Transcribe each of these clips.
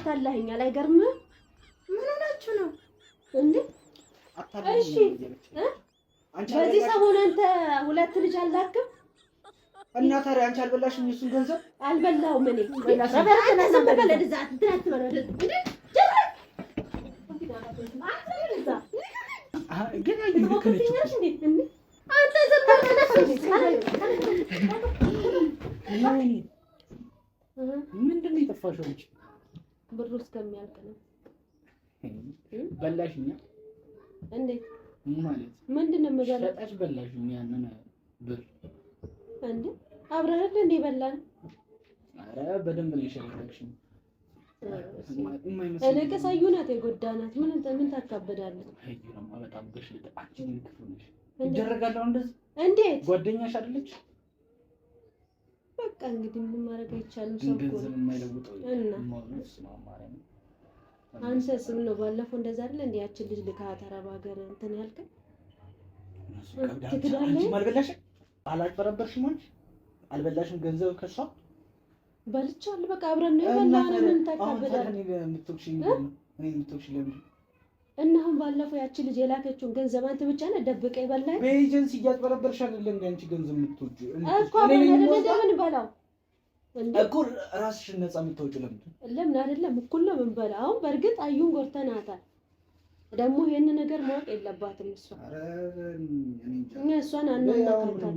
አታላህኛል። አይገርምም? ምን ሆናችሁ ነው እንዴ? እሺ በዚህ ሰሞን አንተ ሁለት ልጅ አላክም እና ታዲያ አንቺ አልበላሽም? እሱን ገንዘብ አልበላሁም እኔ ምንድን ነው የጠፋሽው? ብሩ እስከሚያልቅ ነው። በላሽኛ? እንዴት ማለት ምንድን ነው የምበላው? ሰጣሽ በላሽኛ? ያንን ብር እንዴ አብረን እንደ በላን። አረ በደንብ ነው የሸረረክሽኝ። እልቅስ አዩ ናት የጎዳናት። ምን ምን ታካብዳለች? በጣም ገሽልጥ። አንቺ ምን ክፉ ነሽ። ይደረጋል እንዴት ጓደኛሽ አይደለች? በቃ እንግዲህ ምን ማድረግ አይቻልም። እና አንተ ስም ነው ባለፈው እንደዛ አይደል እንዴ? ያችን ልጅ ልካት አረብ ሀገር እንትን ያልከኝ ትክዳለህ። አልበላሽም፣ አልበላሽም። ገንዘብ ከሷ በልቻለሁ። በቃ አብረን ነው የበላነው። ምን ታካብዳለህ? እናሁን ባለፈው ያቺ ልጅ የላከችውን ገንዘብ አንተ ብቻ ነህ ደብቀ ይበላል። በኤጀንሲ እያጭበረበርሽ አይደለም እንዴ? አንቺ ገንዘብ የምትወጪ እኮ ምን በላው እኮ ራስሽን ነፃ የምታወጪ ለምን ለምን አይደለም እኩል ነው ምን አሁን በእርግጥ አዩን ጎርተናታል። ደግሞ ይሄን ነገር ማወቅ የለባትም እሷ እሷን አናናካታል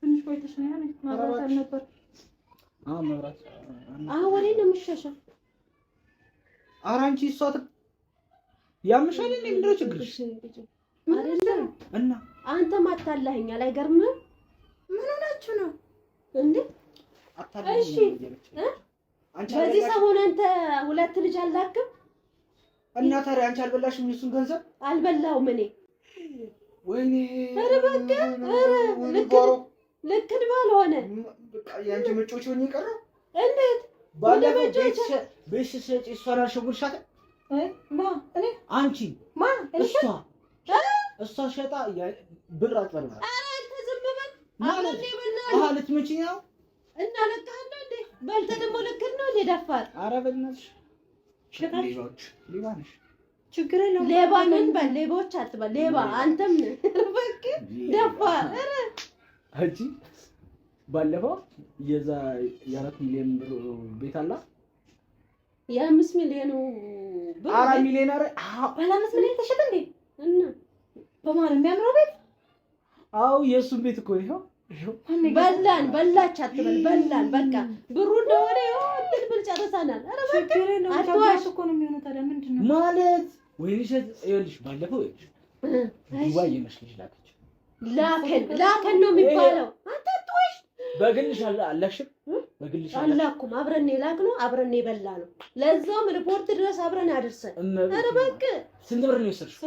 ትንሽ ቆይተሽ ነው ያለኝ። መብራት አልነበር። አዎ መብራት። አዎ ወሬ ነው የምትሸሸው። ኧረ አንቺ እሷ ያምሻል እንዴ? ምንድን ነው ችግርሽ? እና አንተ ማታለኸኛል። አይገርምህም? ምን ሆናችሁ ነው እንዴ? እሺ በዚህ ሰሞን አንተ ሁለት ልጅ አላክም እና ታዲያ አንቺ አልበላሽም የሱን ገንዘብ? አልበላሁም እኔ ወይኔ ኧረ በቃ ኧረ ልክ ልክድ ባልሆነ የአንቺ መጮች ሆኝ ይቀረ እንዴት ቤት ስትሸጪ እሷን አልሸጉልሻትም? አንቺ እሷ እሷ ሸጣ ብር አጭበርባል። ልትመችኝ ነው እና እለቅሃለሁ እንዴ በልተህ ደግሞ ልክድ ነው እንዴ ደፋር? ኧረ በእናትሽ ሌባ ነሽ። ችግር የለውም ሌባ ምን በል ሌቦች አትበል ሌባ አንተም ደፋር እጂ ባለፈው የዛ የአራት ሚሊዮን ብር ቤት አላ የአምስት ሚሊዮኑ አራት ሚሊዮን አረ ባለ ሚሊዮን ተሸጠ እንዴ? እና በማን የሚያምረው ቤት አው የእሱን ቤት እኮ ይኸው በላን በላች አትበል፣ በላን በቃ ብሩ እንደሆነ እንትን ብል ጨርሰናል። ኧረ በቃ አትዋሽ እኮ ነው የሚሆነው። ታዲያ ምንድን ነው ማለት? ወይንሽ ይኸውልሽ፣ ባለፈው ይኸውልሽ ዱባይ የመሸለሽ ላከች ላከን ላከን ነው የሚባለው። አታጥቶሽ በግልሽ አላክሽም? በግልሽ አላኩም። አብረን የላክ ነው አብረን የበላ ነው። ለዛውም ሪፖርት ድረስ አብረን አደርሰን። ኧረ እባክህ ስንት ብር ነው የወሰድሽው?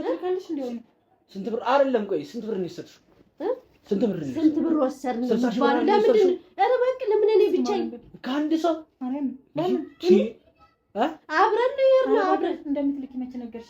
ስንት ብር አይደለም፣ ቆይ ስንት ብር ነው የወሰድሽው? ስንት ብር ነው ስንት ብር ወሰድን የሚባለው? ለምንድን ኧረ እባክህ ለምን እኔ ብቻዬን ከአንድ ሰው አብረን ነው የሄድነው አብረን እንደምትልኪ መቼ ነገርሽ?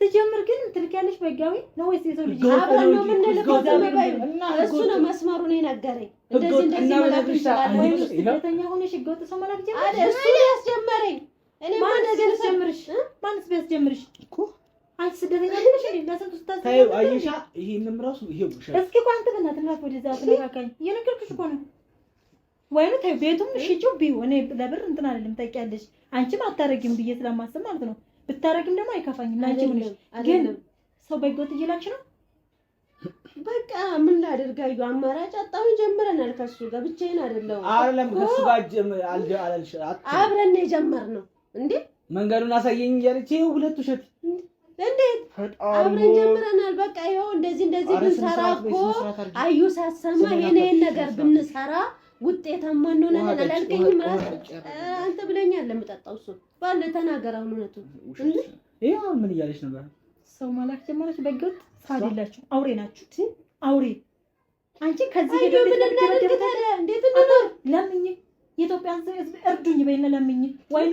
ትጀምር ግን ትልኪያለሽ በጋዊ ነው ወይስ የሰው ልጅ ነው እሱ ነው መስመሩን የነገረኝ። እንደዚህ እንደዚህ ስደተኛ እሱ አይሻ ይሄንም ራሱ ይሄ እስኪ በእናትህ ወደዛ እኮ ነው ወይኑ ተይ ቤቱም ሽጪው እኔ ለብር እንትን አይደለም ታውቂያለሽ። አንቺም አታረጊም ብዬ ስለማስብ ማለት ነው ብታረግም ደግሞ አይከፋኝም። ላንቺ ሆነሽ ግን ሰው በህገወጥ እየላች ነው። በቃ ምን ላድርግ? አዩ አማራጭ አጣሁ። ጀምረናል ከሱ ጋር ብቻዬን አይደለሁም። አይደለም ከሱ ጋር አብረን ነው እንዴ መንገዱን አሳየኝ እያለች ይኸው ሁለቱ እሸት እንዴት አብረን ጀምረናል። በቃ ይኸው እንደዚህ እንደዚህ ብንሰራ እኮ አዩ ሳሰማ የኔን ነገር ብንሰራ ውጤታማ እንሆናለን አላልከኝም? አንተ ብለኛል። ለምጠጣው እሱ ባለ ተናገር። አሁን እውነቱን ይሄ ምን እያለች ነበር? ሰው ማላክ ጀመረች። በግጥ ሳድላችሁ አውሬ ናችሁ፣ አውሬ አንቺ ከዚህ ሄዶ ምን እናደርግ እንዴት እንደሆነ ለምኝ፣ የኢትዮጵያን ሕዝብ እርዱኝ በይና ለምኝ፣ ወይኑ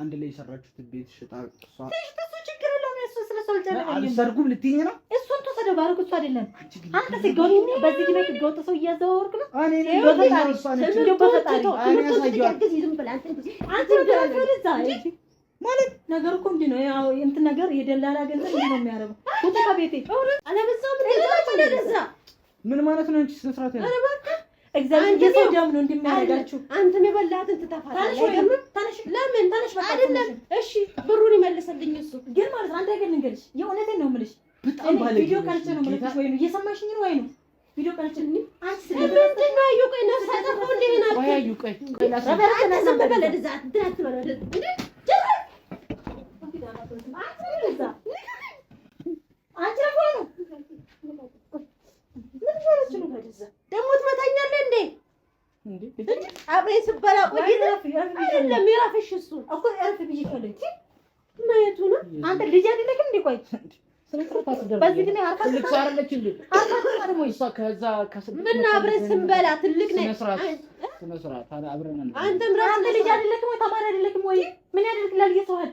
አንድ ላይ የሰራችሁት ቤት ሽጣ እሱ ችግር አልሰርጉም ልትይኝ ነው? እሱን ተሰደው ባልኩ እሱ አይደለም አንተ ስገው በዚህ ጊዜ ህገወጥ ሰው እያዘዋወርክ ነው። ነገር እኮ እንዲህ ነው። ያው እንትን ነገር የደላላ ገንዘብ እንዲህ ነው የሚያደርገው። ውጣ ምን ማለት ነው? አንቺ ስነ ስርዓት ያለው እግዚአብሔር የሰው ደም ነው እንደሚያረጋችሁ። አንተም የበላትን ትተፋታለህ። ለምን ተነሽ በቃ አይደለም። እሺ ብሩን ይመልሰልኝ እሱ ግን ማለት አንተ ግን እንግዲህ የእውነቴን ነው የምልሽ። በጣም ባለ ቪዲዮ ቀርጬ ነው የምልሽ። ወይ ነው እየሰማሽኝ ነው ወይ ነው ቪዲዮ ቀርጬ ነው። አንቺ ምንድን ነው አዩ? ቆይ ነፍስ አጠፋሁ እንዴ? ምን አትይ? ወይ አዩ ቆይ አንተ ዝም በል እንደዛ ድራት ነው እንዴ? ጀራል አንተ እንደዛ አንቺ ነው ነው ምን ነው ነው ደግሞ ትመታኛለህ እንዴ? አብሬን ስበላ ቆይተህ አይደለም የራፍሽ እሱ እኮ እርፍ ብዬሽ ካለች ማየቱ ነው። አንተ ልጅ አይደለህ እንዴ? ቆይ ምን ስንበላ ትልቅ ነህ። አንተም ራስህ ልጅ አይደለህም ወይ? ተማሪ አይደለህም ወይ? ምን ያደርግልሃል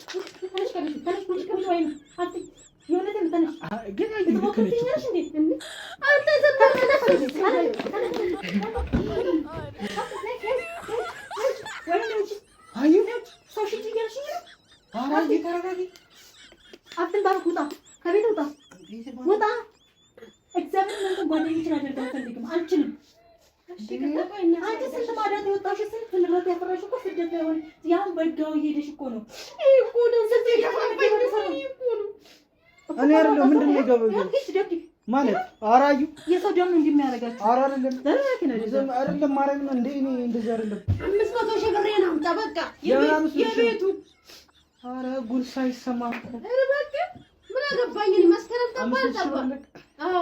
tanış kardeşim. Tanış bu çıkamayayım. Artık yönetim tanış. Genelde Bizim o kız dinler şimdi. Anne sen ben de söyleyeceğim. Hadi. Hayır. Sosyal gelişim yok. Ara git ara git. Attım ben burada. Kabul burada. Burada. Examin'ın bana geçirecek doktor dedim. Alçınım. አንቺ ስንት ማለት የወጣሽ ስንት ንብረት ያፈራሽ እኮ ስደት ላይ ሆነ ያን በጋው እየሄደሽ እኮ ነው። እኔ አይደለሁ ምንድን ነው የገበ ማለት አራዩ የሰው ደም እንደሚያደርጋችሁ አራ አይደለም አይደለም ማረግ ነው እኔ እንደዚህ አይደለም። አምስት መቶ ሺህ ብር ነው በቃ የቤቱ አረ ጉድ ሳይሰማ እኮ ምን አገባኝ መስከረም ተባል ተባል አዎ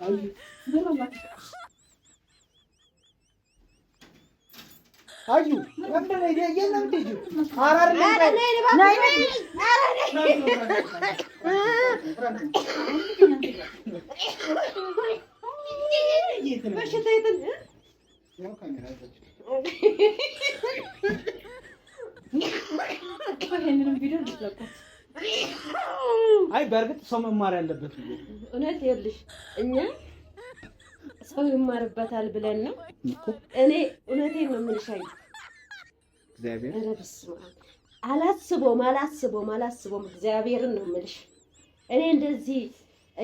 ne? ne? Ne ne? Ne Ay. Gel lan. Aju, gambar ini dia yang nanti ju. Harar ni. Harar ni, ni bapak. Nai ni. Harar ni. Başa daydın. Yok kamera. Bu henüz biliyor musun? አይ በእርግጥ ሰው መማር ያለበት እውነት ይኸውልሽ፣ እኛ ሰው ይማርበታል ብለን ነው። እኔ እውነቴን ነው የምልሻኝ። እግዚአብሔር ኧረ በስመ አብ አላስቦም አላስቦም አላስቦም። እግዚአብሔርን ነው የምልሽ እኔ እንደዚህ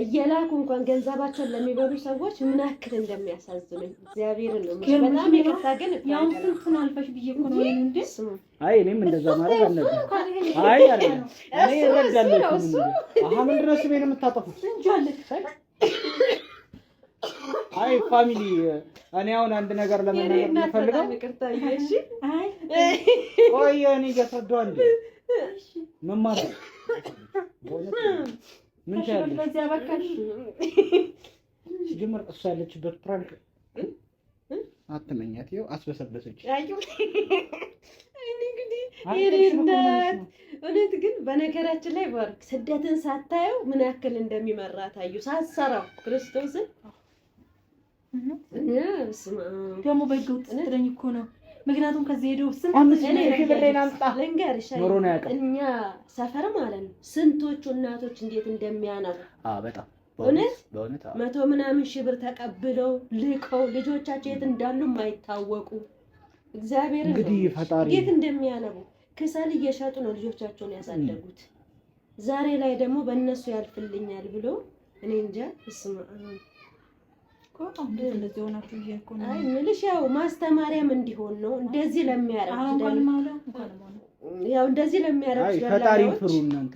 እየላኩ እንኳን ገንዘባቸውን ለሚበሉ ሰዎች ምን ያክል እንደሚያሳዝኑ እግዚአብሔር ነው። በጣም ይቅርታ ግን ያው ስንቱን አልፈሽ ብዬ ነው እንዴ። አይ እኔም እንደዛ ማለት አለብኝ። አይ ያለ እኔ እረዳለሁ። አሀ ምን ድረስ ቤን የምታጠፉት አይ ፋሚሊ፣ እኔ አሁን አንድ ነገር ለመናገር የምፈልገው ቆይ እኔ እያስረዳሁ አንዴ ምን ማለት ነው ምን ታያለሽ? በዚያ በቃሽ። ሲጀመር እሷ ያለችበት ፕራንክ አትመኛት። ይኸው አስበሰበሰች። እውነት ግን በነገራችን ላይ ስደትን ሳታየው ምን ያክል እንደሚመራ ታዩ። ሳትሰራው ክርስቶስን ደግሞ በህገ ወጥ ስትለኝ እኮ ነው ምክንያቱም ከዚህ ሄደው እኛ ሰፈር ማለት ነው ስንቶቹ እናቶች እንዴት እንደሚያነቡ በጣም እውነት መቶ ምናምን ሺህ ብር ተቀብለው ልቀው ልጆቻቸው የት እንዳሉ የማይታወቁ እግዚአብሔር የት እንደሚያነቡ ክሰል እየሸጡ ነው ልጆቻቸውን ያሳደጉት። ዛሬ ላይ ደግሞ በእነሱ ያልፍልኛል ብሎ እኔ እንጃ ስማ እንደዚህ ሆናችሁ እኮ ያው ማስተማሪያም እንዲሆን ነው እንደዚህ ለሚያረግ ያው እንደዚህ ለሚያረግ ፈጣሪ ፍሩ እናንተ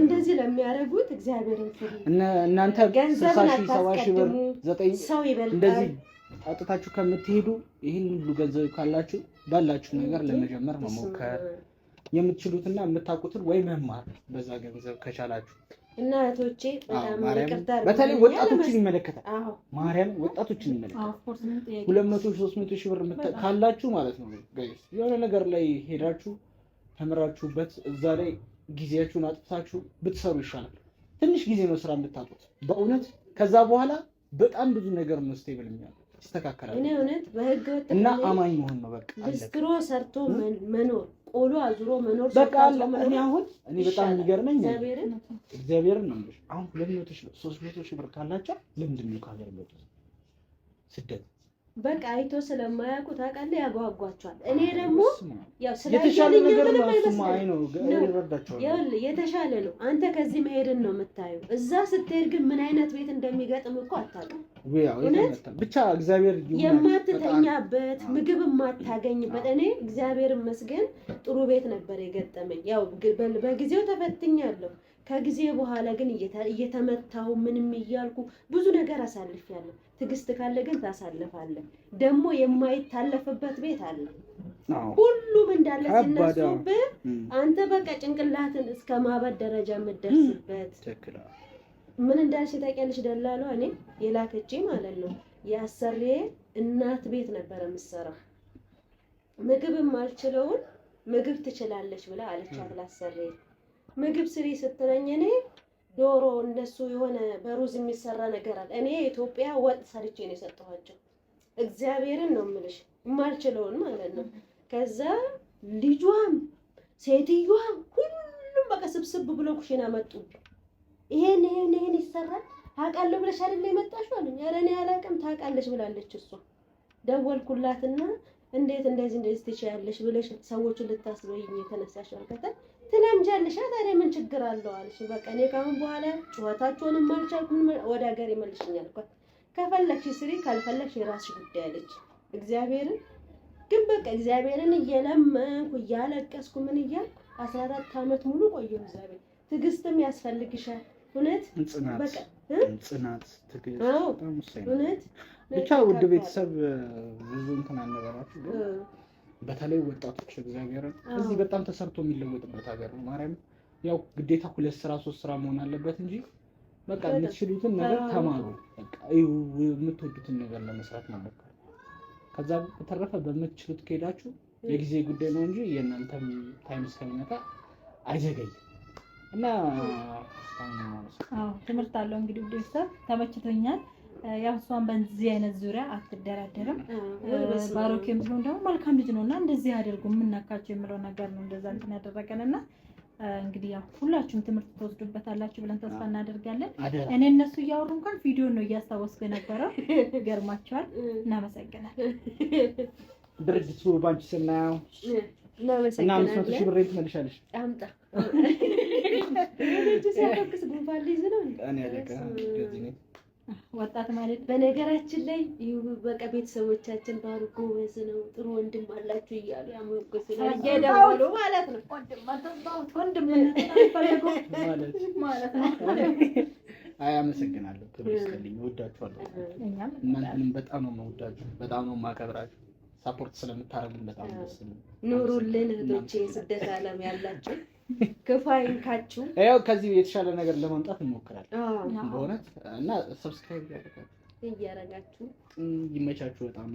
እንደዚህ ለሚያደርጉት እግዚአብሔርን ፍሩ። እናንተ ሰባ ሺህ ብር ዘጠኝ ሰው ይበልጣል። እንደዚህ ከምትሄዱ ይህን ሁሉ ገንዘብ ካላችሁ ባላችሁ ነገር ለመጀመር መሞከር የምትችሉትና የምታውቁትን ወይ መማር በዛ ገንዘብ ከቻላችሁ እና እህቶቼ በተለይ ወጣቶችን ይመለከታል። ማርያም ወጣቶችን ይመለከታል። ሁለት መቶ ሶስት መቶ ሺህ ብር ካላችሁ ማለት ነው የሆነ ነገር ላይ ሄዳችሁ ተምራችሁበት እዛ ላይ ጊዜያችሁን አጥፍታችሁ ብትሰሩ ይሻላል። ትንሽ ጊዜ ነው ስራ የምታጡት በእውነት ከዛ በኋላ በጣም ብዙ ነገር ነው ስቴብል የሚያሉ ይስተካከላል። እኔ እውነት በህገ ወጥ እና አማኝ መሆን ነው በቃ ሰርቶ መኖር ቆሎ አዙሮ መኖር በቃ አለ። እኔ አሁን እኔ በጣም የሚገርመኝ እግዚአብሔርን ነው የምልሽ አሁን ሁለት መቶ ሺህ መቶ ሺህ ብር ካላቸው ለምንድን ነው ከሀገር የሚወጡት ስደት በቃ አይቶ ስለማያውቁ ታውቃለህ፣ ያጓጓቸዋል። እኔ ደግሞ ያው የተሻለ ነው። አንተ ከዚህ መሄድን ነው የምታየው። እዛ ስትሄድ ግን ምን አይነት ቤት እንደሚገጥም እኮ አታውቅም። ብቻ እግዚአብሔር የማትተኛበት ምግብ የማታገኝበት። እኔ እግዚአብሔር ይመስገን ጥሩ ቤት ነበር የገጠመኝ። ያው በጊዜው ተፈትኛለሁ ከጊዜ በኋላ ግን እየተመታሁ ምንም እያልኩ ብዙ ነገር አሳልፌያለሁ። ትዕግስት ካለ ግን ታሳልፋለህ። ደግሞ የማይታለፍበት ቤት አለ። ሁሉም እንዳለ ሲነሱብህ አንተ በቃ ጭንቅላትን እስከ ማበድ ደረጃ የምደርስበት ምን እንዳልሽ ታውቂያለሽ? ደላሏ እኔ የላከች ማለት ነው የአሰሬ እናት ቤት ነበረ የምትሰራ ምግብ የማልችለውን ምግብ ትችላለች ብላ አለቻት ላሰሬ ምግብ ስሪ ስትለኝ እኔ ዶሮ እነሱ የሆነ በሩዝ የሚሰራ ነገር አለ። እኔ ኢትዮጵያ ወጥ ሰርቼ ነው የሰጠኋቸው። እግዚአብሔርን ነው የምልሽ የማልችለውን ማለት ነው። ከዛ ልጇም ሴትዮዋም ሁሉም በቃ ስብስብ ብሎ ኩሽና መጡብኝ። ይሄን ይሄን ይሄን ይሰራል ታውቃለሁ ብለሽ አይደለ የመጣሽው አሉኝ። ኧረ እኔ አላውቅም ታውቃለች ብላለች እሷ። ደወልኩላትና እንዴት እንደዚህ እንደዚህ ትችያለሽ ብለሽ ሰዎቹን ልታስበይኝ የተነሳሽ አልከተል ትለምጃለሽ። ታዲያ ምን ችግር አለው አለሽ። በቃ እኔ ካሁን በኋላ ጩኸታቸውንም አልቻልኩም፣ ወደ ሀገር ይመልሽኛል እኮ ከፈለግሽ ስሪ፣ ካልፈለግሽ የራስሽ ጉዳይ አለች። እግዚአብሔርን ግን በቃ እግዚአብሔርን እየለመንኩ እያለቀስኩ ምን እያልኩ አስራ አራት ዓመት ሙሉ ቆየሁ እዛ ቤት። ትዕግስትም ያስፈልግሻል እውነት በቃ እውነት ብቻ ውድ ቤተሰብ ብዙ እንትን አልነበራችሁ፣ ግን በተለይ ወጣቶች እግዚአብሔርን እዚህ በጣም ተሰርቶ የሚለወጥበት ሀገር ነው። ማርያም ያው ግዴታ ሁለት ስራ ሶስት ስራ መሆን አለበት እንጂ በቃ የምትችሉትን ነገር ተማሩ። የምትወዱትን ነገር ለመስራት መሞከር። ከዛ በተረፈ በምትችሉት ከሄዳችሁ የጊዜ ጉዳይ ነው እንጂ የእናንተም ታይም እስከሚመጣ አይዘገይም እና ትምህርት አለው እንግዲህ ቤተሰብ ተመችቶኛል። ያው እሷን በዚህ አይነት ዙሪያ አትደራደርም። ባሮክ የምትሆን ደግሞ መልካም ልጅ ነው እና እንደዚህ አድርጉ የምናካቸው የምለው ነገር ነው እንደዛ እንትን ያደረገን እና እንግዲህ ያው ሁላችሁም ትምህርት ትወስዱበታላችሁ ብለን ተስፋ እናደርጋለን። እኔ እነሱ እያወሩ እንኳን ቪዲዮ ነው እያስታወስኩ የነበረው ገርማቸዋል። እናመሰግናል። ድርጅቱ ባንቺ ስናየው እና አምስት መቶ ሺህ ብር ትመልሻለሽ። አምጣ ወጣት ማለት በነገራችን ላይ በቃ ቤተሰቦቻችን ባህር ጎበዝ ነው፣ ጥሩ ወንድም አላችሁ እያሉ ያሞገሱ እየደወሉ ማለት ነው። ወንድም ማለት ነው። አይ አመሰግናለሁ። ክብር ይስጥልኝ። እወዳችኋለሁ። እናንተንም በጣም ነው የምወዳችሁ፣ በጣም ነው የማከብራችሁ። ሳፖርት ስለምታደርጉን በጣም ደስ ኑሩልን እህቶቼ፣ ስደት ዓለም ያላችሁ ገፋይን ያው ከዚህ የተሻለ ነገር ለማምጣት እንሞክራለን በእውነት እና ሰብስክራይብ እያደረጋችሁ ይመቻችሁ በጣም